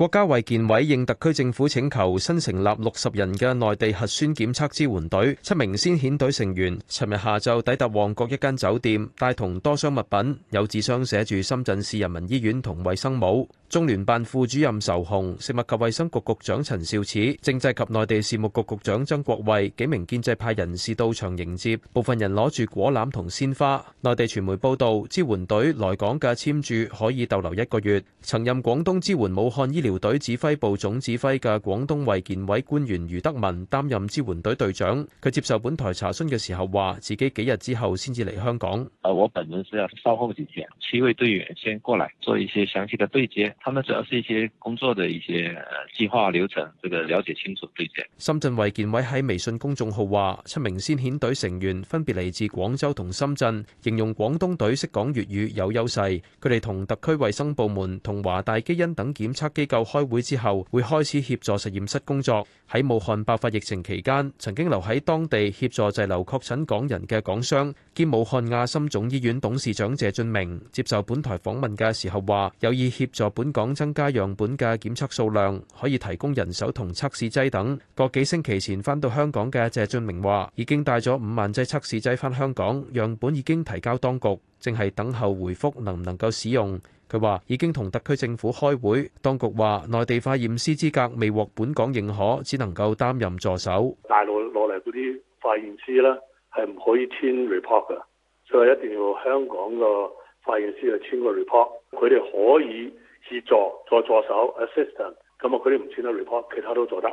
國家衛健委應特區政府請求，新成立六十人嘅內地核酸檢測支援隊，七名先遣隊成員，尋日下晝抵達旺角一間酒店，帶同多箱物品，有紙箱寫住深圳市人民醫院同衛生帽。中聯辦副主任仇鴻、食物及衛生局局長陳肇始、政制及內地事務局局長曾國衛幾名建制派人士到場迎接，部分人攞住果籃同鮮花。內地傳媒報道，支援隊來港嘅簽注可以逗留一個月。曾任廣東支援武漢醫療隊指揮部總指揮嘅廣東衛健委官員余德文擔任支援隊隊長。佢接受本台查詢嘅時候話：自己幾日之後先至嚟香港。誒，我本人是要稍後幾天，七位隊員先過來做一些詳細嘅對接。他們主要是一些工作的一些細化流程，這個了解清楚最緊。對接深圳衛健委喺微信公眾號話，七名先遣隊成員分別嚟自廣州同深圳，形容廣東隊識講粵語有優勢。佢哋同特區衛生部門同華大基因等檢測機構開會之後，會開始協助實驗室工作。喺武漢爆發疫情期間，曾經留喺當地協助滯留確診港人嘅港商兼武漢亞心總醫院董事長謝俊明接受本台訪問嘅時候話，有意協助本。港增加樣本嘅檢測數量，可以提供人手同測試劑等。個幾星期前翻到香港嘅謝俊明話，已經帶咗五萬劑測試劑翻香港，樣本已經提交當局，正係等候回覆能唔能夠使用。佢話已經同特區政府開會，當局話內地化驗師資格未獲本港認可，只能夠擔任助手。大陸攞嚟嗰啲化驗師咧係唔可以簽 report 噶，所以一定要香港個化驗師去簽個 report。佢哋可以。自助再助，助手 assistant，咁啊佢哋唔簽得 report，其他都做得。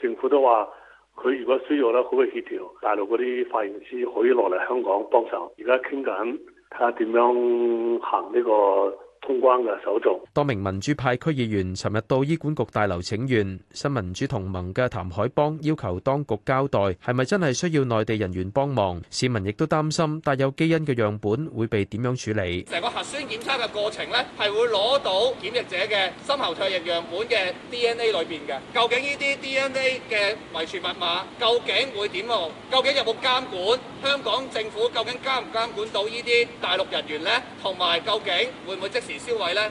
政府都話，佢如果需要咧，可以協調大陸嗰啲化驗師可以落嚟香港幫手。而家傾緊睇下點樣行呢、這個。通關嘅手續，多名民主派區議員尋日到醫管局大樓請願，新民主同盟嘅譚海邦要求當局交代係咪真係需要內地人員幫忙。市民亦都擔心帶有基因嘅樣本會被點樣處理。成個核酸檢測嘅過程呢，係會攞到檢疫者嘅深喉唾液樣本嘅 DNA 裏邊嘅。究竟呢啲 DNA 嘅遺傳密碼究竟會點喎？究竟有冇監管？香港政府究竟監唔監管到呢啲大陸人員呢？同埋究竟會唔會即時？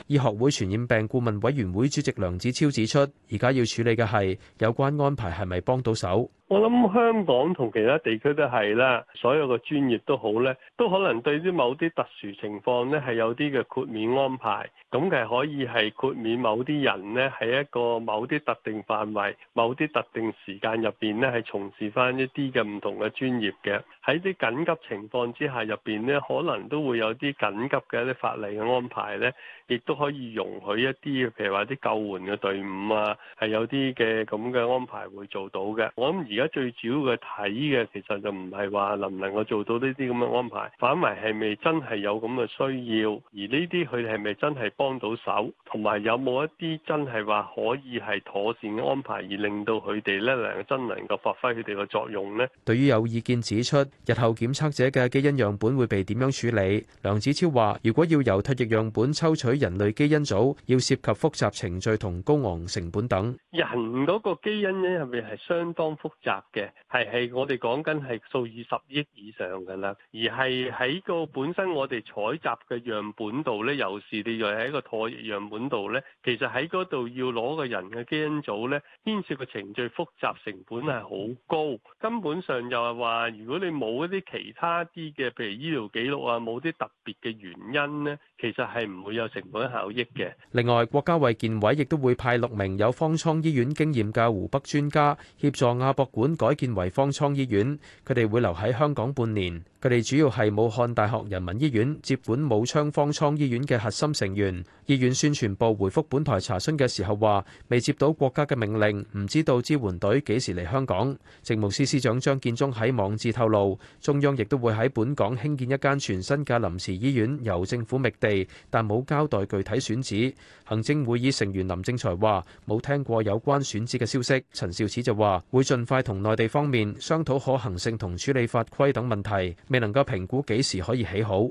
醫學會傳染病顧問委員會主席梁子超指出，而家要處理嘅係有關安排係咪幫到手。我諗香港同其他地區都係啦，所有嘅專業都好咧，都可能對於某啲特殊情況咧係有啲嘅豁免安排，咁係可以係豁免某啲人呢喺一個某啲特定範圍、某啲特定時間入邊呢係從事翻一啲嘅唔同嘅專業嘅。喺啲緊急情況之下入邊呢，可能都會有啲緊急嘅一啲法例嘅安排咧，亦都可以容許一啲，譬如話啲救援嘅隊伍啊，係有啲嘅咁嘅安排會做到嘅。我諗而而家最主要嘅睇嘅，其實就唔係話能唔能夠做到呢啲咁嘅安排，反為係咪真係有咁嘅需要？而呢啲佢哋係咪真係幫到手？同埋有冇一啲真係話可以係妥善嘅安排，而令到佢哋咧能夠真能夠發揮佢哋嘅作用咧？對於有意見指出，日後檢測者嘅基因樣本會被點樣處理。梁子超話：如果要由唾液樣本抽取人類基因組，要涉及複雜程序同高昂成本等。人嗰個基因咧係咪係相當複雜？集嘅係係我哋講緊係數以十億以上㗎啦，而係喺個本身我哋採集嘅樣本度咧，有時你又係一個唾液樣本度咧，其實喺嗰度要攞個人嘅基因組咧，牽涉嘅程序複雜，成本係好高，根本上又係話，如果你冇一啲其他啲嘅，譬如醫療記錄啊，冇啲特別嘅原因咧。其實係唔會有成本效益嘅。另外，國家衛健委亦都會派六名有方艙醫院經驗嘅湖北專家協助亞博館改建為方艙醫院，佢哋會留喺香港半年。佢哋主要係武漢大學人民醫院接管武昌方艙醫院嘅核心成員。醫院宣傳部回覆本台查詢嘅時候話：未接到國家嘅命令，唔知道支援隊幾時嚟香港。政務司司長張建宗喺網誌透露，中央亦都會喺本港興建一間全新嘅臨時醫院，由政府覓地。但冇交代具體選址。行政會議成員林正財話冇聽過有關選址嘅消息。陳肇始就話會盡快同內地方面商討可行性同處理法規等問題，未能夠評估幾時可以起好。